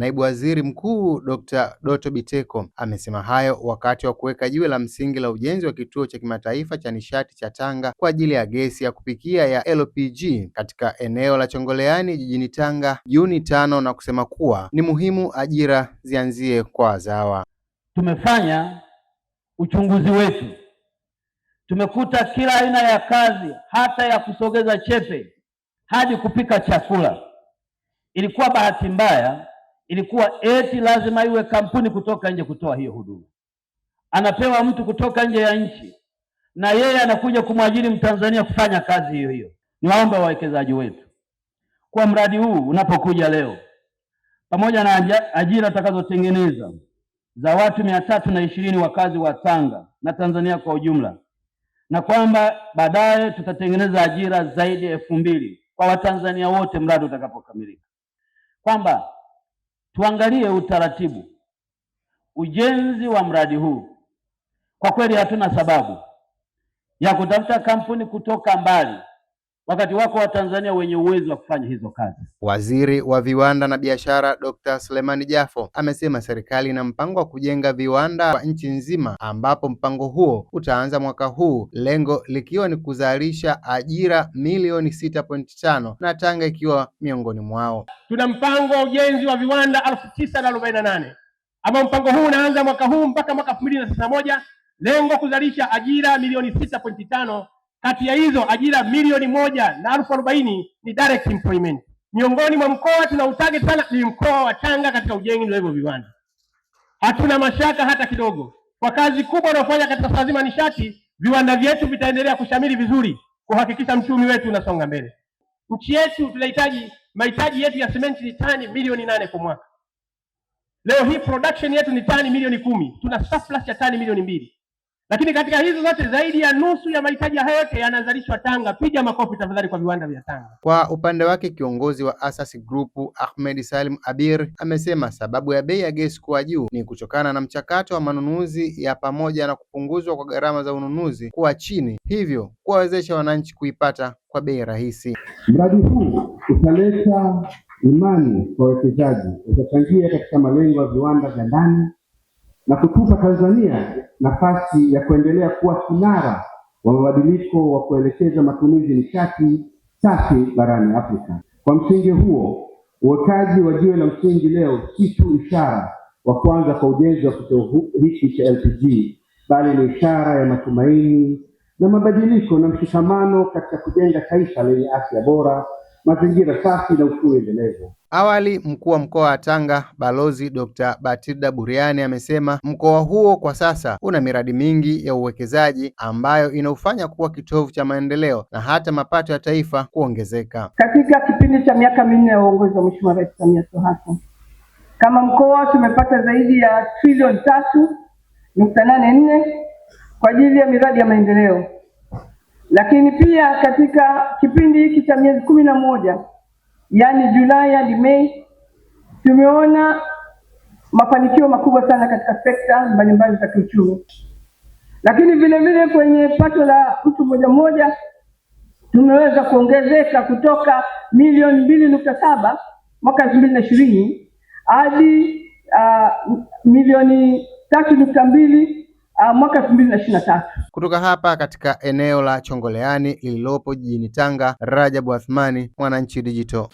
Naibu Waziri Mkuu Dr. Doto Biteko amesema hayo wakati wa kuweka jiwe la msingi la ujenzi wa kituo cha kimataifa cha nishati cha Tanga kwa ajili ya gesi ya kupikia ya LPG katika eneo la Chongoleani jijini Tanga Juni tano, na kusema kuwa ni muhimu ajira zianzie kwa wazawa. Tumefanya uchunguzi wetu, tumekuta kila aina ya kazi, hata ya kusogeza chepe hadi kupika chakula. Ilikuwa bahati mbaya ilikuwa eti lazima iwe kampuni kutoka nje kutoa hiyo huduma. Anapewa mtu kutoka nje ya nchi na yeye anakuja kumwajiri Mtanzania kufanya kazi hiyo hiyo. Niwaombe wawekezaji wetu kwa mradi huu unapokuja leo, pamoja na ajira atakazotengeneza za watu mia tatu na ishirini wakazi wa Tanga na Tanzania kwa ujumla, na kwamba baadaye tutatengeneza ajira zaidi ya elfu mbili kwa Watanzania wote mradi utakapokamilika, kwamba Tuangalie utaratibu ujenzi wa mradi huu. Kwa kweli hatuna sababu ya kutafuta kampuni kutoka mbali wakati wako Watanzania wenye uwezo wa kufanya hizo kazi. Waziri wa Viwanda na Biashara Dr. Selemani Jafo amesema serikali ina mpango wa kujenga viwanda kwa nchi nzima ambapo mpango huo utaanza mwaka huu, lengo likiwa ni kuzalisha ajira milioni 6.5 na Tanga ikiwa miongoni mwao. Tuna mpango wa ujenzi wa viwanda elfu tisa ambao mpango huu unaanza mwaka huu mpaka mwaka elfu lengo kuzalisha ajira milioni 6.5 kati ya hizo ajira milioni moja na elfu arobaini ni direct employment. Miongoni mwa mkoa tunautageti sana ni mkoa wa Tanga katika ujenzi wa hivyo viwanda. Hatuna mashaka hata kidogo, kwa kazi kubwa unaofanya katika swala zima nishati, viwanda vyetu vitaendelea kushamiri vizuri kuhakikisha mchumi wetu unasonga mbele. Nchi yetu tunahitaji, mahitaji yetu ya simenti ni tani milioni nane kwa mwaka. Leo hii production yetu ni tani milioni kumi, tuna surplus ya tani milioni mbili. Lakini katika hizo zote zaidi ya nusu ya mahitaji hayo yote yanazalishwa Tanga. Piga makofi tafadhali kwa viwanda vya Tanga. Kwa upande wake kiongozi wa Asasi Group Ahmed Salim Abir amesema sababu ya bei ya gesi kuwa juu ni kutokana na mchakato wa manunuzi ya pamoja na kupunguzwa kwa gharama za ununuzi kuwa chini, hivyo kuwawezesha wananchi kuipata kwa bei rahisi. Mradi huu utaleta imani kwa wawekezaji, utachangia katika malengo ya viwanda vya ndani na kutupa Tanzania nafasi ya kuendelea kuwa kinara wa mabadiliko wa kuelekeza matumizi nishati safi barani Afrika. Kwa msingi huo, uwekaji wa jiwe la msingi leo si tu ishara wa kwanza kwa ujenzi wa kituo hiki cha LPG, bali ni ishara ya matumaini na mabadiliko na mshikamano katika kujenga taifa lenye afya bora mazingira safi na ukuu endelevu. Awali mkuu wa mkoa wa Tanga Balozi Dr. Batilda Buriani amesema mkoa huo kwa sasa una miradi mingi ya uwekezaji ambayo inaufanya kuwa kitovu cha maendeleo na hata mapato ya taifa kuongezeka. Katika kipindi cha miaka minne ya uongozi wa Mheshimiwa Rais Samia Suluhu Hassan, kama mkoa tumepata zaidi ya trilioni tatu nukta nane nne kwa ajili ya miradi ya maendeleo lakini pia katika kipindi hiki cha miezi kumi na moja yaani Julai hadi Mei, tumeona mafanikio makubwa sana katika sekta mbalimbali za kiuchumi, lakini vilevile vile kwenye pato la mtu mmoja mmoja tumeweza kuongezeka kutoka milioni mbili nukta saba mwaka elfu mbili na ishirini hadi uh, milioni tatu nukta mbili uh, mwaka elfu mbili na ishirini na tatu kutoka hapa katika eneo la Chongoleani lililopo jijini Tanga, Rajabu Athmani, Mwananchi Digital.